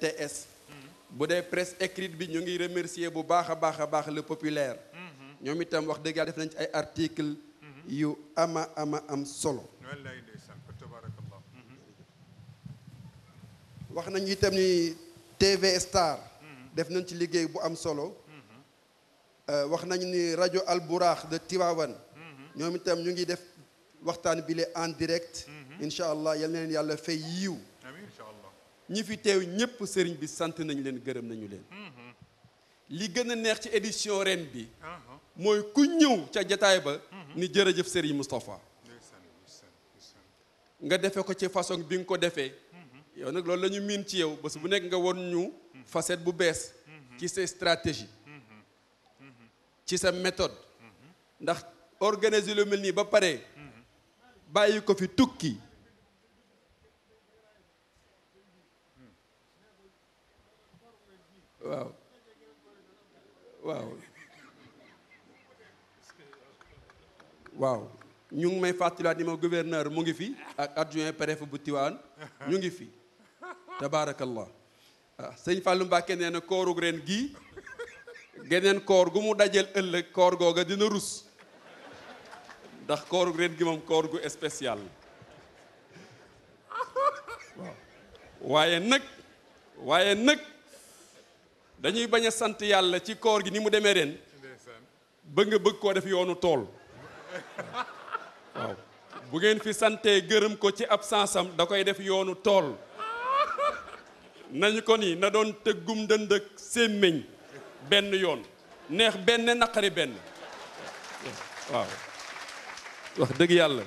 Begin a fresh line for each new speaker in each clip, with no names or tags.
RTS. bu dee presse écrite bi ñu ngi remercier bu baax a baax a baax le populaire. ñoom itam wax dëgg yàlla def nañ ci ay article yu ama ama am solo. wax nañu itam ni TV Star. def nañ ci liggéey bu am solo. Euh, wax nañu ni rajo Alburaax de Tivaouane. ñoom itam ñu ngi def waxtaan bile en direct. Mhm. incha allah yal na leen yàlla fay yiw. ñi fi teew ñëpp sëriñ bi sant nañ leen gërëm nañu leen mm-hmm. li gën a neex ci édition ren bi uh-huh. mooy ku ñëw ca jataay ba mm-hmm. ni jërëjëf sëriñ Moustapha nga defe ko ci façon bi nga ko defee mm-hmm. yow nag loolu la miin ci yow bés bu nekk nga won ñu facette bu bees ci sa stratégie ci sa méthode ndax organiser lu mel nii ba pare bàyyi ko fi tukki waaw waaw ñu ngi may fàttaliwaat ni ma gouverneur mu ngi fi ak adjoint préfet bu Tiwaan ñu ngi fi tabaarakallah ah sëñ Fallou Mbacke nee na koorug geneen koor gu mu dajeel ëllëg koor googa dina rus ndax koorug ren gi moom koor gu spécial waaw waaye nag waaye nag dañuy bañ a sant yàlla ci koor gi ni mu demee ren ba nga bëgg koo def yoonu tool waaw bu ngeen fi santee gërëm ko ci absence am da koy def yoonu tool nañu ko ni na doon tëggum dënd sémmiñ benn yoon neex benn naqari benn waaw wax dëgg yàlla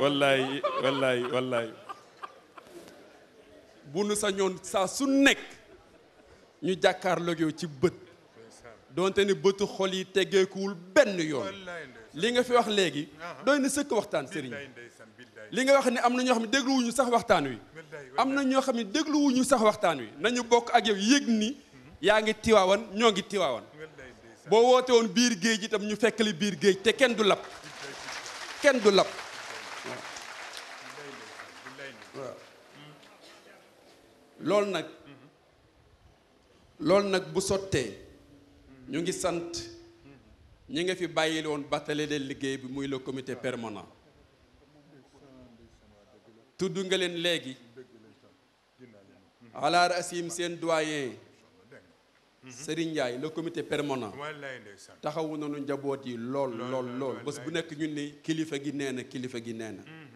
wallaay wallaay wallaay bu nu sañoon saa su nekk ñu jàkkaarloog yow ci bët donte ni bëtu xol yi teggeekuwul benn yoon li nga fi wax léegi doy na sëkk waxtaan sëriñ li nga wax ni am na ñoo xam ne dégluwuñu sax waxtaan wi am na ñoo xam ne dégluwuñu sax waxtaan wi nañu bokk ak yow yëg ni yaa ngi tiwaawan ñoo ngi tiwaawan boo woote woon biir géej tam ñu fekkali biir géej te kenn du lab kenn du lab loolu nag loolu nag bu sottee ñu ngi sant ñi nga fi bàyyil woon batale leen liggéey bi muy la comité permanent tudd nga leen léegi
ala rasim
seen doyen Serigne Ndiaye le comité permanent taxawu nañu njaboot yi lool lool lool bés bu nekk ñun ni kilifa gi nee kilifa gi nee na mm-hmm.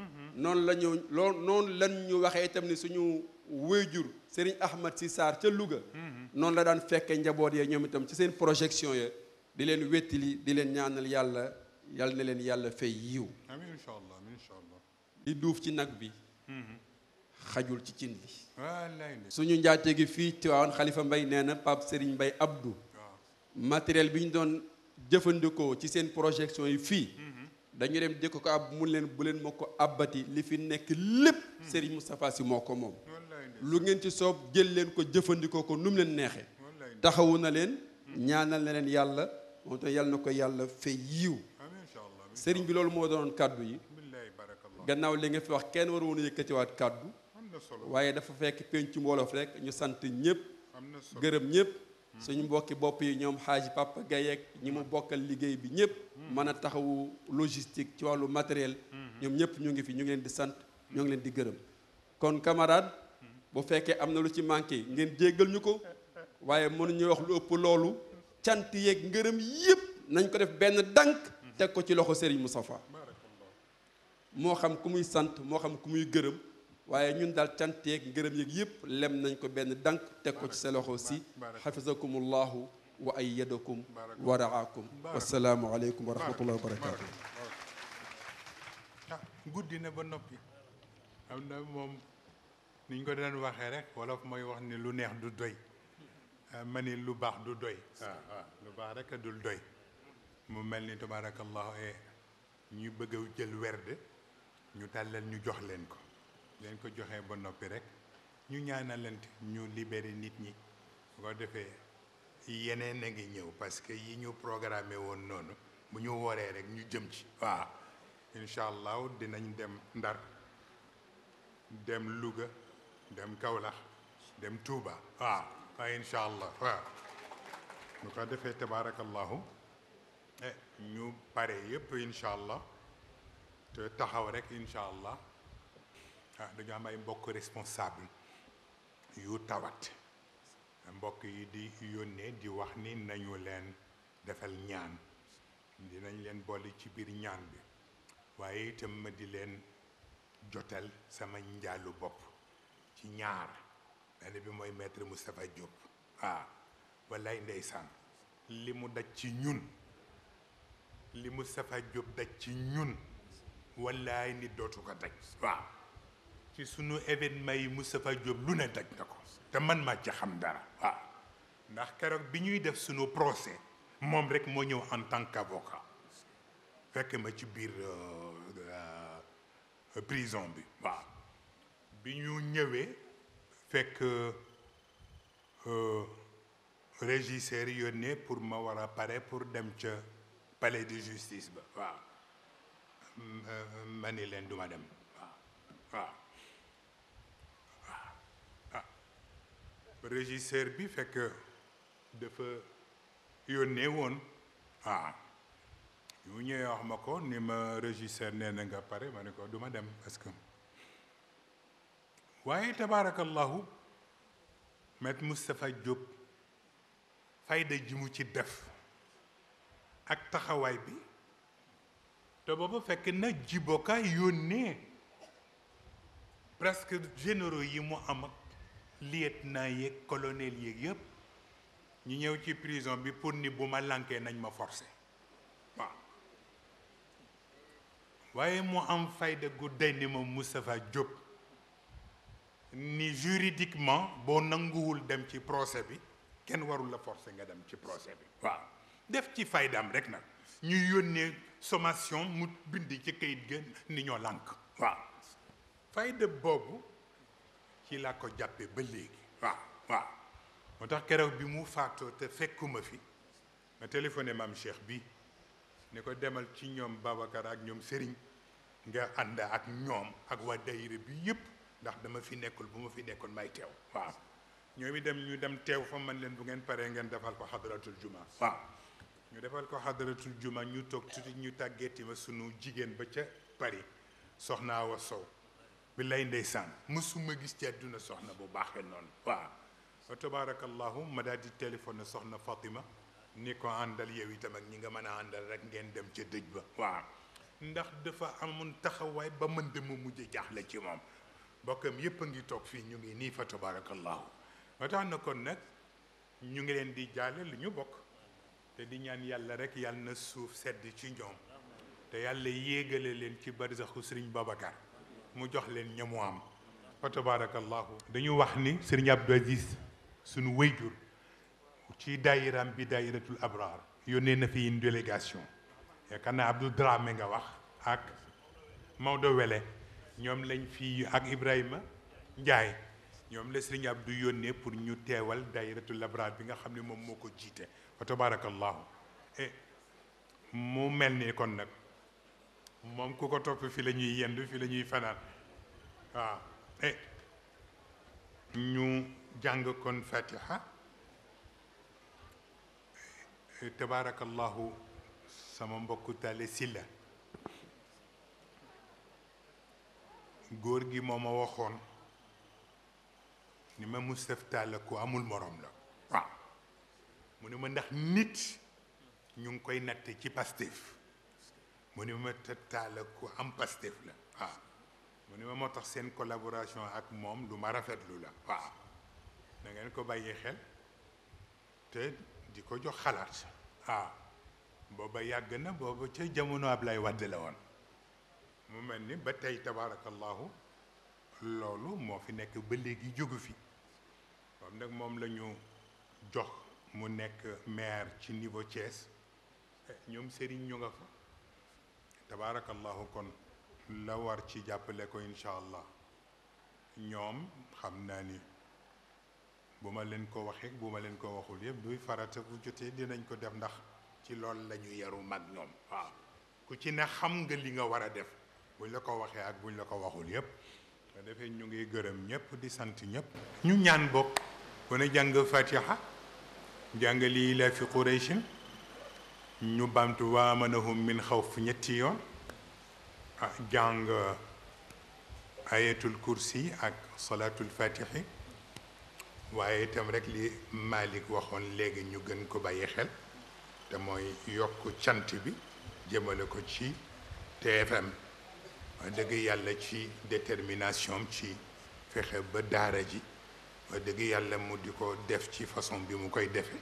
noonu la ñu loo noonu lan ñu waxee itam ni suñu wéyjur sëriñ Ahmad si Sarr ca Louga mhm. noonu la daan fekkee njaboot yee ñoom itam ci seen projection ya di leen wettili di leen ñaanal yàlla yal na leen yàlla fay yiw
amiin incha allah amiin incha
duuf ci nag bi mhm. xajul ci cin li suñu njaatee gi fii Tiwaawan Xalifa Mbay nee na Pape Serigne Mbay Abdou matériel bi ñu doon jëfandikoo ci seen projection yi fii mhm. dañu dem jëkk ko ab mun leen bu leen ma ko abbati li fi nekk lépp hmm. Serigne Moustapha Sy moo ko moom lu ngeen ci soob jël leen ko jëfandikoo ko nu mu leen neexee taxawu na leen hmm. ñaanal na leen yàlla moom tam yàlla na ko yàlla fay yiiw sëriñ bi loolu moo doonoon kàddu yi gannaaw li nga fi wax kenn war woon a yëkkatiwaat kàddu waaye dafa fekk ci penc mbooloof rek ñu sant ñëpp gërëm ñëpp suñu mbokki bopp yi ñoom xaaji Papa Gaye ak ñi mu bokkal liggéey bi ñëpp mën a taxawu logistique ci wàllu matériel ñoom ñëpp ñu ngi fi ñu ngi leen di sant ñu ngi leen di gërëm kon camarade bu fekkee am na lu ci manqué ngeen jéggal ñu ko waaye mënuñu wax lu ëpp loolu cant yeeg ngërëm yëpp nañ ko def benn dànk teg ko ci loxo Serigne Moustapha moo xam ku muy sant moo xam ku muy gërëm waaye ñun daal canteeg ngërëm yeeg yëpp lem nañ ko benn dank teg ko ci sa loxo si xafizakumullahu wa ayyadakum wa raakum wasalaamu aleykum wa rahmatullahi wa barakaatu
guddi na ba noppi am na moom niñ ko daan waxee rek wolof mooy wax ni lu neex du doy ma ni lu baax du doy waaw lu baax rek a dul doy mu mel ni tabaarakallahu e ñu bëgg jël werde ñu tàllal ñu jox leen ko leen ko joxe ba noppi rek ñu ñaanalante ñu libéré nit ñi bu ko defee yeneen a ngi ñëw parce que yi ñu programmé woon noonu bu ñu wooree rek ñu jëm ci waaw incha allah dinañ dem Ndar dem Louga dem kawla dem Touba waaw waaw incha allah waaw bu ko defee tabaarakallahu eh, ñu pare yëpp incha allah te taxaw rek incha allah dañu am ay mbokk responsable yu tawat mbokk yi di yónnee di wax ni nañu leen defal ñaan dinañ leen boole ci biir ñaan bi waaye itam ma di leen jotal sama njaalu bopp ci ñaar benn bi mooy maître Moustapha Diop ah wallaay ndeysaan li mu daj ci ñun li Moustapha Diop daj ci ñun wallaay nit dootu ko daj waaw ci sunu événement yi Moustapha Diop lu ne daj na te man ma ci xam dara wa ndax kérok bi ñuy def sunu procès mom rek mo ñew en tant qu'avocat fekk ma ci euh, euh, prison bi wa bi ñu ñëwee fekk euh, régisseur yónnee pour ma wara pare pour dem ci palais de justice ba wa mané len duma dem wa wa régisseur bi fekk dafa yónnee woon ah ñu ñëwee wax ma ko ni ma régisseur nee nga pare ma ne ko duma dem parce que waaye tabaarakallahu maître Moustapha Diop fayda ji ci def ak taxawaay bi te booba fekk na jiboka yónnee presque généraux yi mu am lieutenant yeeg colonel yeeg yëpp ñu ñëw ci prison bi pour ni bu ma lànkee nañ ma forcé waaw waaye moo am fayda gu day ni ma Moustapha Diop ni juridiquement boo nanguwul dem ci procès bi kenn warul la forcé nga dem ci procès bi waaw def ci faydaam rek nag ñu yónnee sommation mu bind ci kayit gën ni ñoo lànk waaw fayda boobu ci laa ko jàppe ba léegi waaw waaw moo tax keroog bi mu faatoo te fekkuma fi ma téléphoné maam Cheikh bi ne ko demal ci ñoom Babacar ak ñoom sëriñ nga ànd ak ñoom ak waa dayire bi yëpp ndax dama fi nekkul bu ma fi nekkul may teew waa ñoom dem ñu dem teew fa man leen bu ngeen paree ngeen defal ko xadaratul jumaa waaw ñu defal ko xadaratul juma ñu toog tuuti ñu tàggeeti ma sunu jigéen ba ca Paris soxna Awa Sow bi lay ndeysaan mësuma gis ci àdduna soxna bu baaxee noonu waa wa tabaarakallahu ma daal di téléphone soxna Fatima ni ko àndal yow itam ak ñi nga mën a àndal rek ngeen dem ca dëj ba waaw ndax dafa amoon taxawaay ba mën dama mujj jaaxle ci moom bokkam yépp a ngi toog fii ñu ngi nii fa tabaarakallahu ba tax nag ñu ngi leen di jaale lu ñu bokk te di ñaan yàlla rek yàlla na suuf sedd ci ñoom te yàlla yéegale leen ci barzaxu Sëriñ Babacar mu jox leen ñamu am fa tabarakallahu dañu wax ni serigne Abdou Aziz suñu wayjur ci daayiraam bi daayiratul abrar yone na fi une délégation ya kana Abdou Dramé nga wax ak mawdo Wele ñom lañ fi ak Ibrahima Ndiaye ñom le serigne Abdou yone pour ñu téwal daayiratul abrar bi nga xamni mom moko jité ko jiite fa tabarakallahu mu melni kon nak moom ku ko topp fi lañuy ñuy yendu fi la ñuy fanaan waaw eh. ñu jàng kon fatiha eh, tabaarakallahu sama mbokk tale si góor gi moo ma waxoon ni ma Moustapha Tall ku amul moroom la waaw mu ne ma ndax nit ñu ngi koy natt ci pastif moni ma tëttaa ko ku am Pastef la wa moni ma motax sen collaboration ak mom lu ma rafetlu la waaw na ngeen ko baye xel te diko ko jox xalaat ah booba yag na booba ci jamono ablay wad la won mu melni ni ba tey tabarakallahu lolu mo fi nek ba legi jógu fi moom nak mom lañu jox mu nek maire ci niveau Thiès ñom Serigne ñu nga fa tabaarakallahu kon la war ci jàppale ko incha allah ñoom xam naa ni bu ma leen ko waxee bu ma leen ko waxul yëpp buy farata bu jotee dinañ ko def ndax ci lool lañuy ñu yaru mag ñoom waaw ku ci ne xam nga li nga war a def buñ la ko waxee ak buñ la ko waxul yëpp nga defee ñu ngi gërëm ñëpp di sant ñëpp ñu ñaan bokk ku ne jàng fatiha jàng lii la fi qurayshin ñu bamtu waamanahum min xawf ñetti yoon jàng ayatul kursi ak salaatul fatihi waaye itam rek li Malick waxoon léegi ñu gën ko bàyyi xel te mooy yokk cant bi jëmale ko ci TFM wax dëgg yàlla ci détermination ci fexe ba daara ji wax dëgg yàlla mu di ko def ci façon bi mu koy defee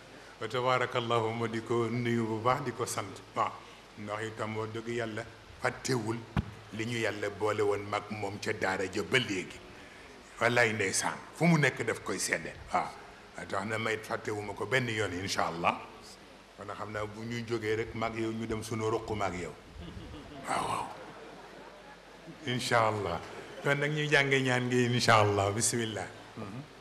وتبارك الله مديكو نيو بو باخ ديكو سانت وا نخي تام ودغ يالا فاتيوول لي نيو يالا بولي وون ماك موم تي دارا جو بليغي والله نيسان فمو نيك داف كوي سيد وا تاخنا ماي فاتيوو مكو بن يوني ان شاء الله وانا خمنا بو نيو جوغي رك ماك يو نيو دم سونو روكو ماك يو واو واو ان شاء الله كون نك نيو جانغي نيان ان شاء الله بسم الله mm -hmm.